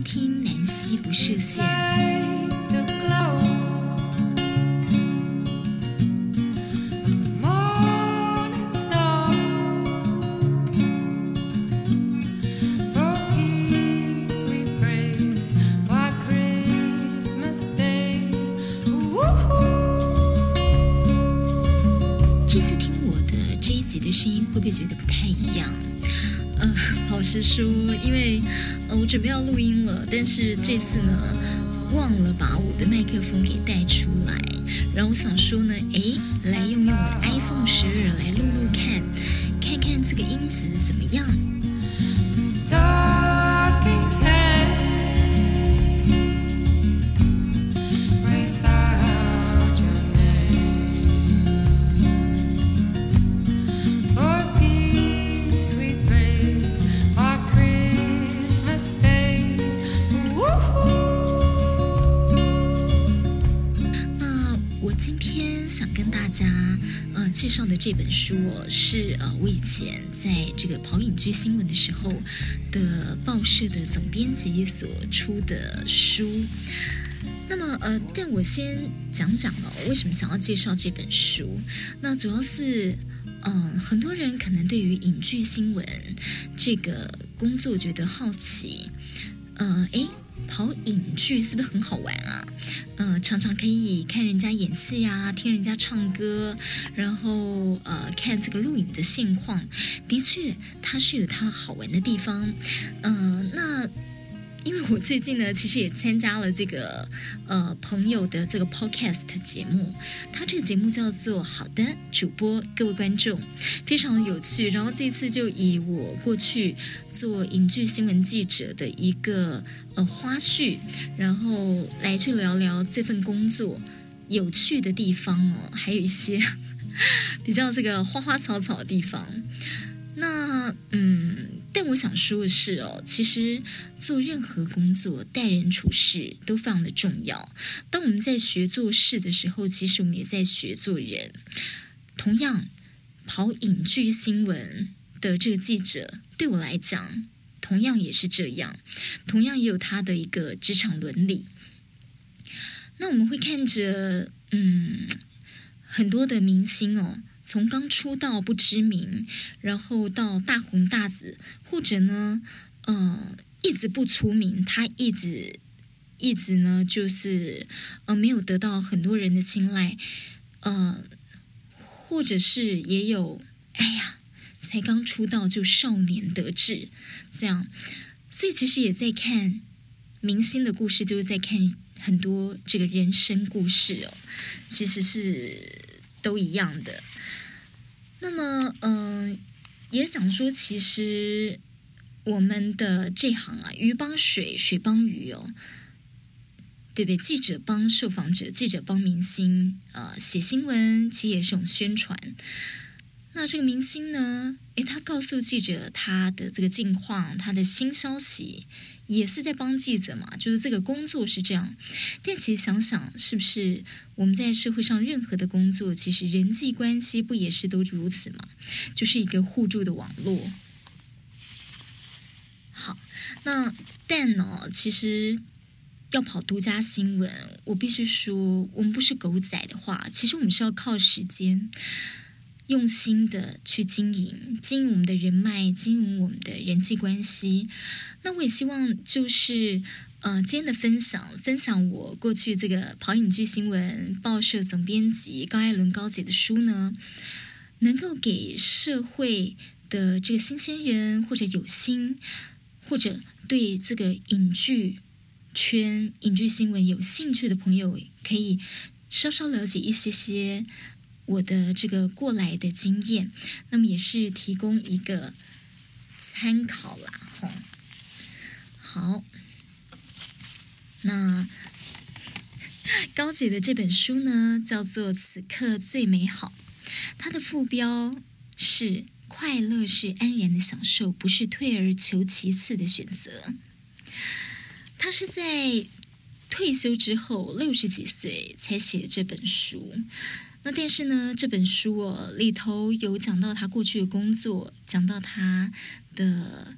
聽南溪不設限。這次聽我的這一集的聲音，會不會覺得不太一樣？呃，嗯，老實說，因為。我準備要錄音了，但是這次呢，忘了把我的麥克風給帶出來。然後我想說呢，哎，來用用我的 iPhone 12來錄錄看，看看這個音質怎麼樣。介紹的這本書，哦、是呃，我以前在這個跑影劇新聞的時候的報社的總編輯所出的書。那麼呃，但我先講講哦，為什麼想要介紹這本書？那主要是嗯、呃，很多人可能對於影劇新聞這個工作覺得好奇，嗯、呃，誒。跑影劇是不是很好玩啊？嗯、呃，常常可以看人家演戲呀、啊，聽人家唱歌，然後呃，看這個錄影的現況，的確它是有它好玩的地方，嗯、呃，那。因為我最近呢，其實也參加了這個呃朋友的這個 podcast 節目，他這個節目叫做《好的主播》，各位觀眾非常有趣。然後這次就以我過去做影劇新聞記者的一個呃花絮，然後來去聊聊這份工作有趣的地方哦，還有一些呵呵比較這個花花草草的地方。那嗯。但我想說的是哦，其實做任何工作，待人處事都非常的重要。當我們在學做事的時候，其實我們也在學做人。同樣，跑影劇新聞的這個記者，對我來講，同樣也是這樣，同樣也有他的一個職場倫理。那我們會看着，嗯，很多的明星哦。從剛出道不知名，然後到大紅大紫，或者呢，呃，一直不出名，他一直一直呢，就是呃沒有得到很多人的青睞，嗯、呃、或者是也有，哎呀，才剛出道就少年得志，這樣，所以其實也在看明星的故事，就是在看很多這個人生故事哦，其實是都一樣的。那麼，嗯、呃，也想說，其實我們的這行啊，魚幫水，水幫魚哦，對不對？記者幫受訪者，記者幫明星啊、呃，寫新聞，其實也是一種宣傳。那這個明星呢？誒，他告訴記者他的這個近況，他的新消息。也是在幫記者嘛，就是這個工作是這樣。但其實想想，是不是我們在社會上任何的工作，其實人際關係不也是都如此嗎？就是一個互助的網絡。好，那但呢？其實要跑獨家新聞，我必須說，我們不是狗仔的話，其實我們是要靠時間。用心的去經營，經營我們的人脈，經營我們的人際關係。那我也希望，就是呃，今天的分享，分享我過去這個跑影劇新聞報社總編輯高愛倫高姐的書呢，能夠給社會的這個新鮮人，或者有心，或者對這個影劇圈影劇新聞有興趣的朋友，可以稍稍了解一些些。我的這個過來的經驗，那麼也是提供一個參考啦，吼。好，那高姐的這本書呢，叫做《此刻最美好》，它的副標是“快樂是安然的享受，不是退而求其次的選擇”。她是在退休之後六十幾歲才寫的這本書。那但是呢，這本書哦，裡頭有講到他過去的工作，講到他的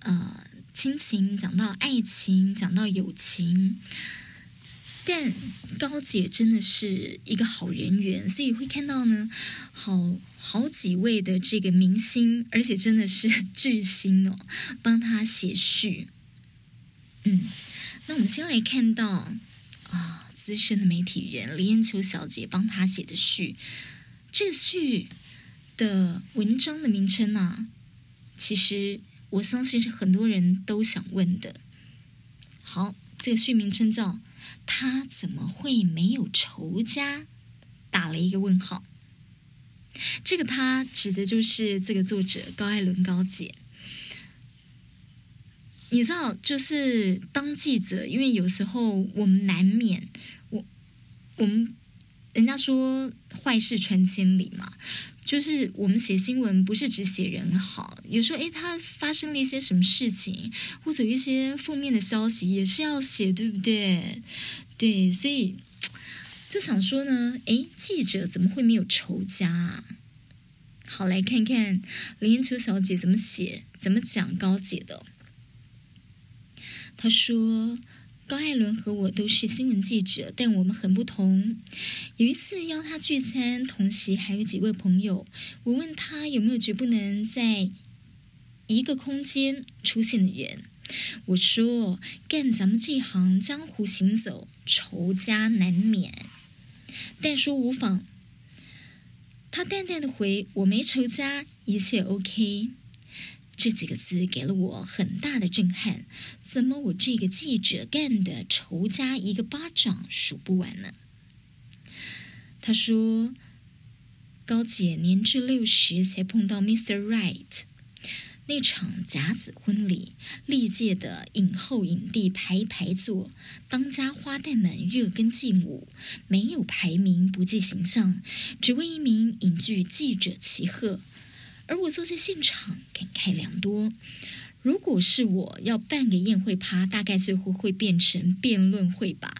呃親情，講到愛情，講到友情。但高姐真的是一個好人緣，所以會看到呢，好好幾位的這個明星，而且真的是巨星哦，幫他寫序。嗯，那我們先來看到啊。哦資深的媒體人李艷秋小姐幫他寫的序，這個序的文章的名稱呢啊，其實我相信是很多人都想問的。好，這個序名稱叫“他怎麼會沒有仇家”，打了一個問號。這個“他”指的就是這個作者高愛倫高姐。你知道，就是當記者，因為有時候我們難免。我們，人家說壞事傳千里嘛，就是我們寫新聞不是只寫人好，有時候誒，他發生了一些什麼事情，或者一些負面的消息也是要寫，對不對？對，所以就想說呢，誒，記者怎麼會沒有仇家啊？好，來看看林秋小姐怎麼寫，怎麼講高姐的哦。她說。高艾倫和我都是新聞記者，但我們很不同。有一次邀他聚餐，同席還有幾位朋友。我問他有沒有絕不能在一個空間出現的人。我說幹咱們這一行，江湖行走，仇家難免，但說無妨。他淡淡的回：“我沒仇家，一切 OK。”這幾個字給了我很大的震撼。怎麼我這個記者幹的仇家一個巴掌數不完呢？他說：“高姐年至六十才碰到 Mr. Right，那場甲子婚禮，歷屆的影后影帝排排坐，當家花旦們熱歌勁舞，沒有排名，不計形象，只為一名影劇記者齊賀。”而我坐在現場，感慨良多。如果是我要辦個宴會趴，大概最後會變成辯論會吧。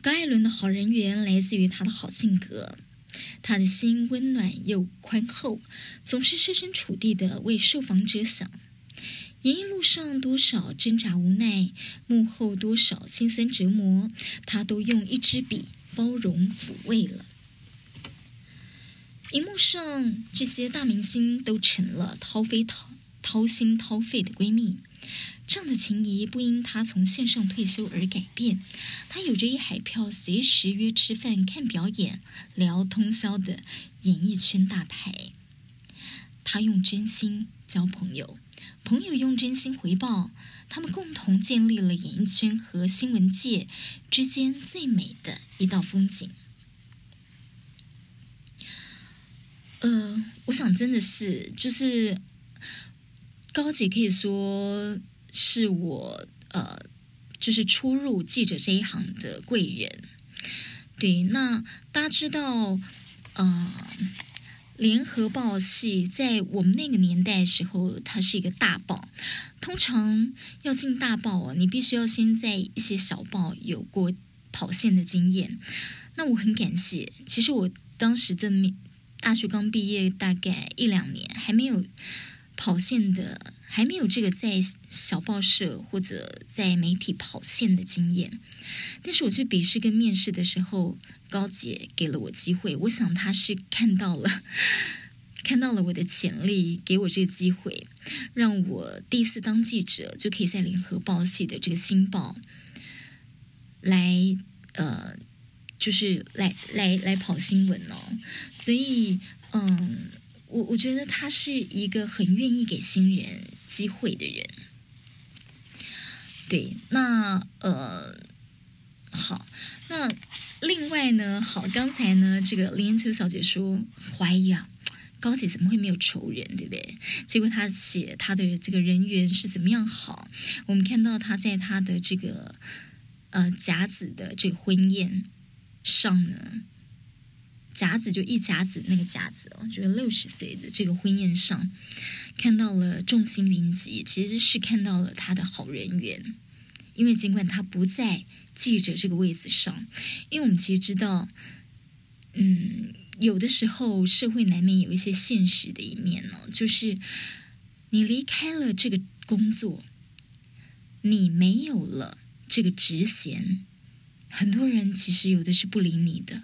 高艾倫的好人緣來自於他的好性格，他的心溫暖又寬厚，總是設身處地的為受訪者想。演藝路上多少掙扎無奈，幕後多少心酸折磨，他都用一支筆包容撫慰了。熒幕上這些大明星都成了掏飛掏掏心掏肺的閨蜜，這樣的情誼不因她從線上退休而改變。她有着一海票隨時約吃飯、看表演、聊通宵的演藝圈大牌。她用真心交朋友，朋友用真心回報，他們共同建立了演藝圈和新聞界之間最美的一道風景。呃，我想真的是，就是高姐可以說是我呃，就是初入記者這一行的貴人。對，那大家知道，呃，聯合報系在我們那個年代時候，它是一個大報。通常要進大報啊，你必須要先在一些小報有過跑線的經驗。那我很感謝，其實我當時的。大學剛畢業，大概一兩年，還沒有跑線的，還沒有這個在小報社或者在媒體跑線的經驗。但是我去筆試跟面試的時候，高姐給了我機會。我想她是看到了，看到了我的潛力，給我這個機會，讓我第一次當記者就可以在聯合報系的這個新報來呃。就是來來來跑新聞哦，所以嗯，我我覺得他是一個很願意給新人機會的人。對，那呃，好，那另外呢，好，剛才呢，這個林秋小姐說懷疑啊，高姐怎麼會沒有仇人，對不對？結果她寫她的這個人緣是怎麼樣好，我們看到她在她的這個呃甲子的這個婚宴，上了，甲子就一甲子那個甲子哦，就是六十歲的這個婚宴上，看到了眾星雲集，其實是看到了他的好人緣，因為儘管他不在記者這個位置上，因為我們其實知道，嗯，有的時候社會難免有一些現實的一面哦，就是你離開了這個工作，你沒有了這個職銜。很多人其實有的是不理你的，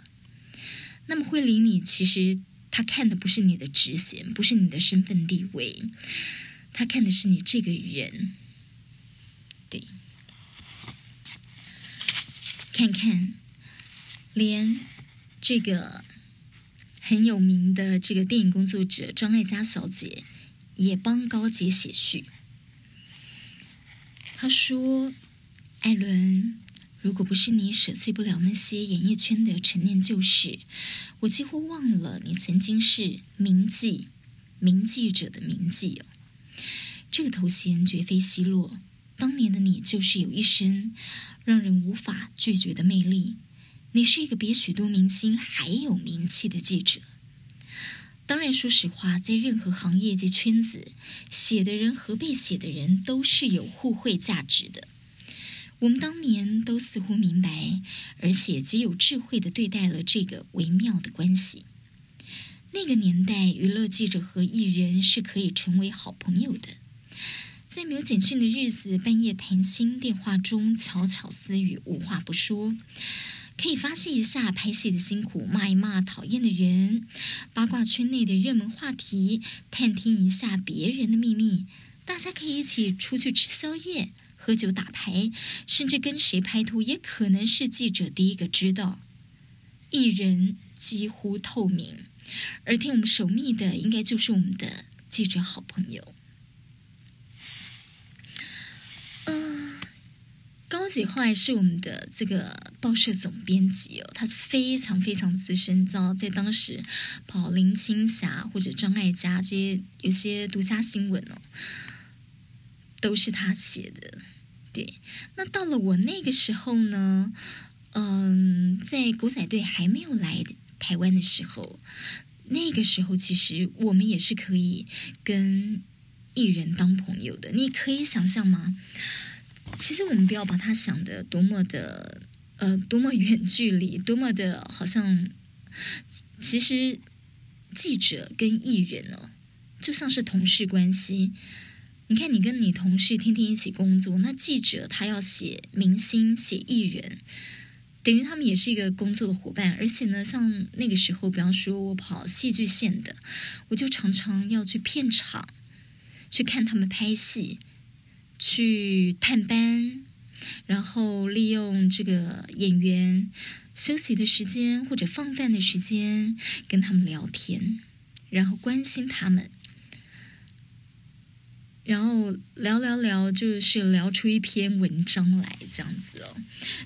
那麼會理你，其實他看的不是你的職銜，不是你的身份地位，他看的是你這個人，對。看看，連這個很有名的這個電影工作者張艾嘉小姐也幫高捷寫序，她說：“艾倫。”如果不是你捨棄不了那些演藝圈的陳年舊事，我幾乎忘了你曾經是名記、名記者的名記哦。這個頭銜絕非奚落，當年的你就是有一身讓人無法拒絕的魅力。你是一個比許多明星還有名氣的記者。當然，說實話，在任何行業及圈子，寫的人和被寫的人都是有互惠價值的。我們當年都似乎明白，而且極有智慧地對待了這個微妙的關係。那個年代，娛樂記者和藝人是可以成為好朋友的。在沒有簡訊的日子，半夜談心，電話中悄悄私語，無話不說，可以發洩一下拍戲的辛苦，罵一罵討厭的人，八卦圈內的熱門話題，探聽一下別人的秘密，大家可以一起出去吃宵夜。喝酒打牌，甚至跟誰拍拖，也可能是記者第一個知道。藝人幾乎透明，而替我們守密的，應該就是我們的記者好朋友。嗯、呃，高姐後來是我們的這個報社總編輯哦，他是非常非常資深，你知道，在當時，跑林青霞或者張艾嘉這些有些獨家新聞哦，都是他寫的。對，那到了我那個時候呢，嗯，在狗仔隊還沒有來台灣的時候，那個時候其實我們也是可以跟藝人當朋友的。你可以想象嗎？其實我們不要把他想得多麼的呃，多麼遠距離，多麼的好像，其實記者跟藝人呢，就像是同事關係。你看，你跟你同事天天一起工作，那記者他要寫明星、寫藝人，等於他們也是一個工作的伙伴。而且呢，像那個時候，比方說我跑戲劇線的，我就常常要去片場去看他們拍戲，去探班，然後利用這個演員休息的時間或者放飯的時間跟他們聊天，然後關心他們。然後聊聊聊，就是聊出一篇文章來，這樣子哦。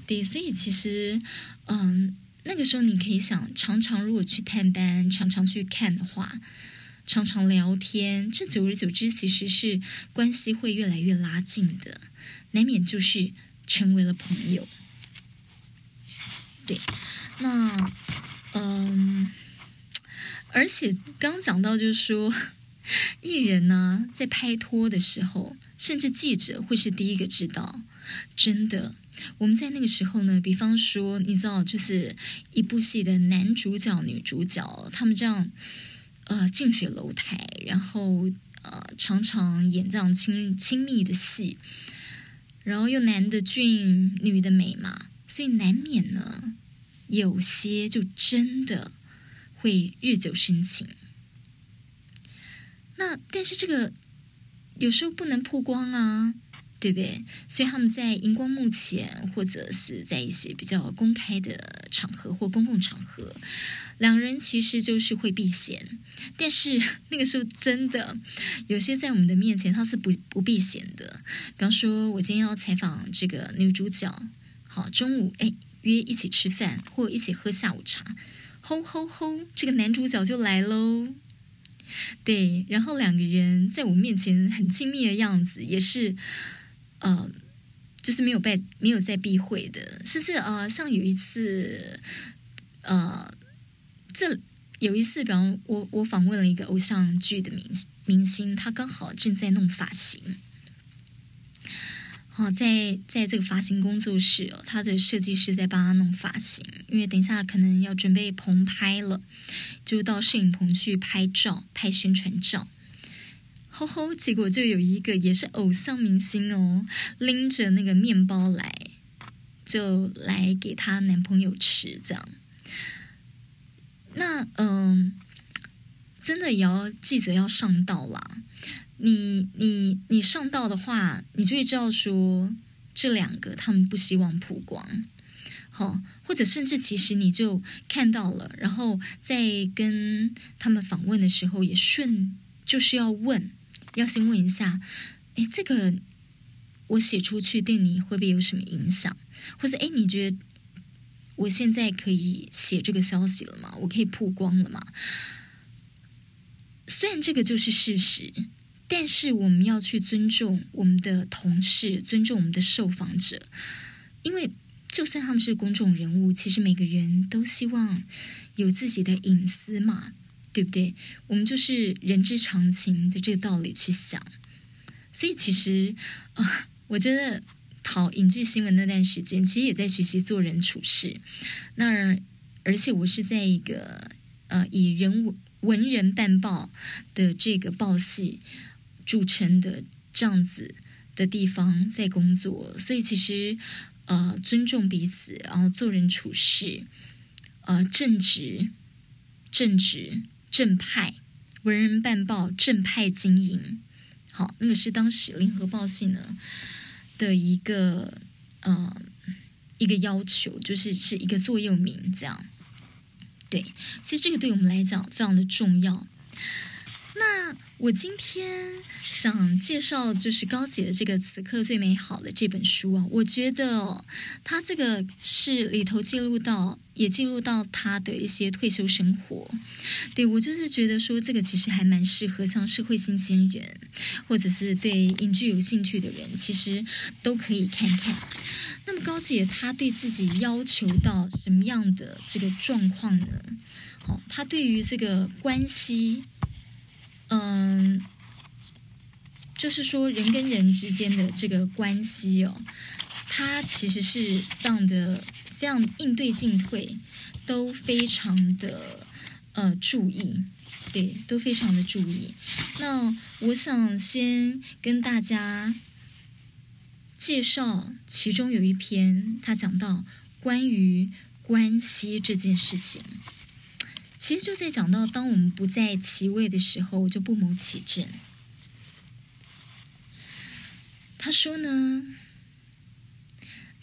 對，所以其實，嗯，那個時候你可以想，常常如果去探班，常常去看的話，常常聊天，這久而久之，其實是關係會越來越拉近的，難免就是成為了朋友。對，那嗯，而且剛講到就是說，藝人呢，在拍拖的時候，甚至記者會是第一個知道。真的，我們在那個時候呢，比方說，你知道，就是一部戲的男主角、女主角，他們這樣，呃，近水樓台，然後呃，常常演這樣親親密的戲，然後又男的俊，女的美嘛，所以難免呢，有些就真的會日久生情。那、啊、但是這個有時候不能曝光啊，對不對？所以他們在熒光幕前，或者是在一些比較公開的場合或公共場合，兩人其實就是會避嫌。但是那個時候真的有些在我們的面前，他是不不避嫌的。比方說，我今天要採訪這個女主角，好，中午誒、哎，約一起吃飯或一起喝下午茶，吼吼吼，這個男主角就來嘍。對，然後兩個人在我面前很親密的樣子，也是，呃，就是沒有被，沒有在避諱的，甚至呃，像有一次，呃，這有一次，比方我我訪問了一個偶像劇的明星明星，他剛好正在弄髮型。哦，在在這個髮型工作室，哦，他的設計師在幫他弄髮型，因為等一下可能要準備棚拍了，就到攝影棚去拍照拍宣傳照。吼吼，結果就有一個也是偶像明星哦，拎着那個麵包來，就來給她男朋友吃這樣。那嗯，真的也要記者要上道啦。你你你上道的話，你就會知道說這兩個他們不希望曝光，好，或者甚至其實你就看到了，然後在跟他們訪問的時候，也順就是要問，要先問一下，誒，這個我寫出去對你會不會有什麼影響？或者誒，你覺得我現在可以寫這個消息了嗎？我可以曝光了嗎？雖然這個就是事實。但是我們要去尊重我們的同事，尊重我們的受訪者，因為就算他們是公眾人物，其實每個人都希望有自己的隱私嘛，對不對？我們就是人之常情的這個道理去想。所以其實啊、呃，我覺得跑影劇新聞那段時間，其實也在學習做人處事。那而且我是在一個呃，以人文文人辦報的這個報系。組成的這樣子的地方在工作，所以其實呃，尊重彼此，然後做人處事，呃，正直、正直、正派，文人辦報，正派經營，好，那個是當時聯合報系呢的一個呃一個要求，就是是一個座右銘，這樣。對，所以這個對我們來講非常的重要。那我今天想介紹就是高姐的這個《此刻最美好》的這本書啊，我覺得、哦、他這個是裡頭記錄到，也記錄到他的一些退休生活。對我就是覺得說，這個其實還蠻適合像社會新鮮人，或者是對影劇有興趣的人，其實都可以看看。那麼高姐她對自己要求到什麼樣的這個狀況呢？好、哦，她對於這個關係。嗯，就是說人跟人之間的這個關係哦，它其實是這樣的，非常應對進退都非常的呃注意，對，都非常的注意。那我想先跟大家介紹其中有一篇，他講到關於關係這件事情。其實就在講到，當我們不在其位的時候，我就不謀其政。他說呢，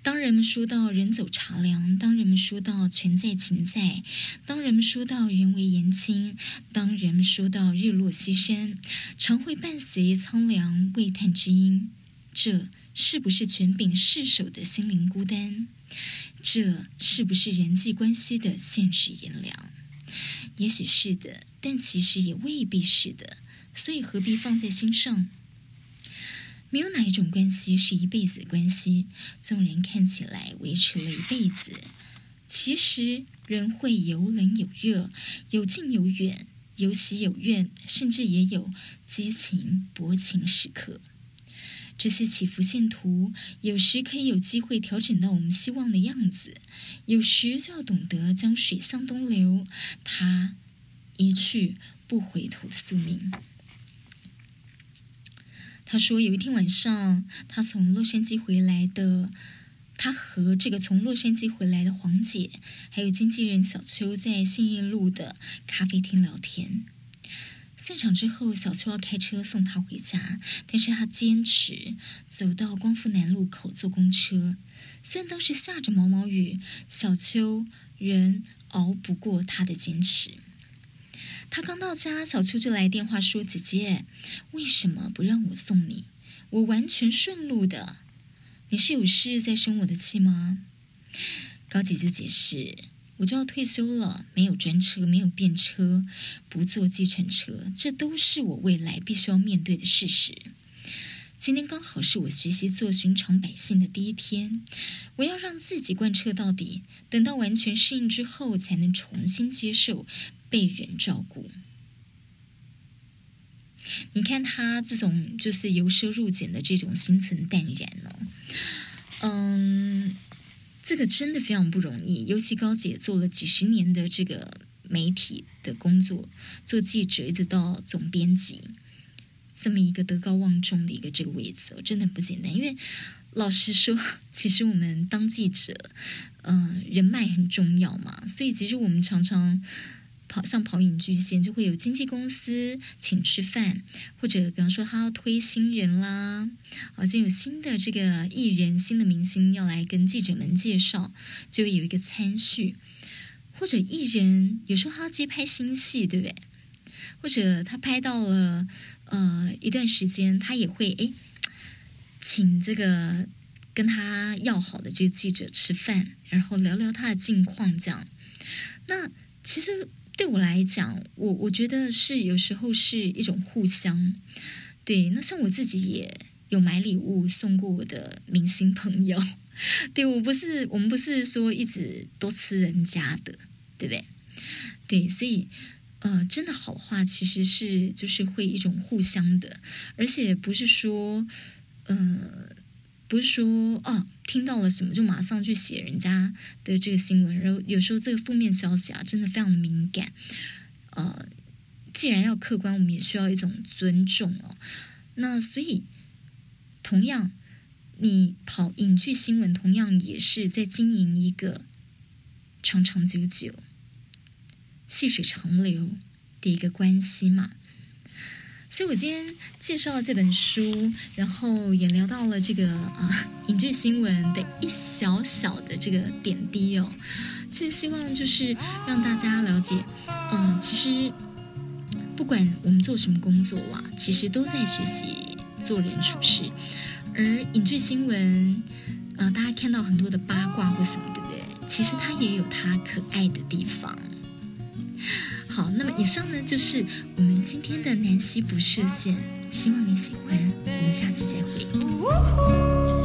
當人們說到人走茶涼，當人們說到權在情在，當人們說到人微言輕，當人們說到日落西山，常會伴隨蒼涼喟嘆之音。這是不是權柄失守的心靈孤單？這是不是人際關係的現實炎涼？也許是的，但其實也未必是的，所以何必放在心上？沒有哪一種關係是一輩子的關係，縱然看起來維持了一輩子，其實人會有冷有熱，有近有遠，有喜有怨，甚至也有激情薄情時刻。這些起伏線圖，有時可以有機會調整到我們希望的樣子，有時就要懂得將水向東流，他一去不回頭的宿命。他說，有一天晚上，他從洛杉磯回來的，他和這個從洛杉磯回來的黃姐，還有經紀人小邱，在信義路的咖啡廳聊天。現場之後，小秋要開車送她回家，但是她堅持走到光復南路口坐公車。雖然當時下着毛毛雨，小秋仍熬不過她的堅持。她剛到家，小秋就來電話說：“姐姐，為什麼不讓我送你？我完全順路的。你是有事在生我的氣嗎？”高姐就解釋。我就要退休了，沒有專車，沒有便車，不坐計程車，這都是我未來必須要面對的事實。今天剛好是我學習做尋常百姓的第一天，我要讓自己貫徹到底，等到完全適應之後，才能重新接受被人照顧。你看他這種就是由奢入儉的這種心存淡然哦，嗯。這個真的非常不容易，尤其高姐做了幾十年的這個媒體的工作，做記者一直到總編輯，這麼一個德高望重的一個這個位置，我真的很不簡單。因為老實說，其實我們當記者，嗯、呃，人脈很重要嘛，所以其實我們常常。跑像跑影劇線就會有經紀公司請吃飯，或者比方說他要推新人啦，好像有新的這個藝人、新的明星要來跟記者們介紹，就會有一個餐敘，或者藝人有時候他接拍新戲，對不對？或者他拍到了呃一段時間，他也會誒請這個跟他要好的這個記者吃飯，然後聊聊他的近況這樣。那其實。對我來講，我我覺得是有時候是一種互相。對，那像我自己也有買禮物送過我的明星朋友。對，我不是，我們不是說一直都吃人家的，對不對？對，所以呃，真的好的話其實是就是會一種互相的，而且不是說嗯。呃不是說哦、啊，聽到了什麼就馬上去寫人家的這個新聞，然後有時候這個負面消息啊，真的非常的敏感。呃，既然要客觀，我們也需要一種尊重哦。那所以，同樣，你跑影劇新聞，同樣也是在經營一個長長久久、細水長流的一個關係嘛。所以我今天介紹了這本書，然後也聊到了這個啊，影、呃、劇新聞的一小小的這個點滴哦，其實希望就是讓大家了解，嗯、呃，其實不管我們做什麼工作啊，其實都在學習做人處事，而影劇新聞，嗯、呃，大家看到很多的八卦或什麼，對不對？其實它也有它可愛的地方。好，那麼以上呢，就是我們今天的南溪不設限，希望你喜歡，我們下次再會。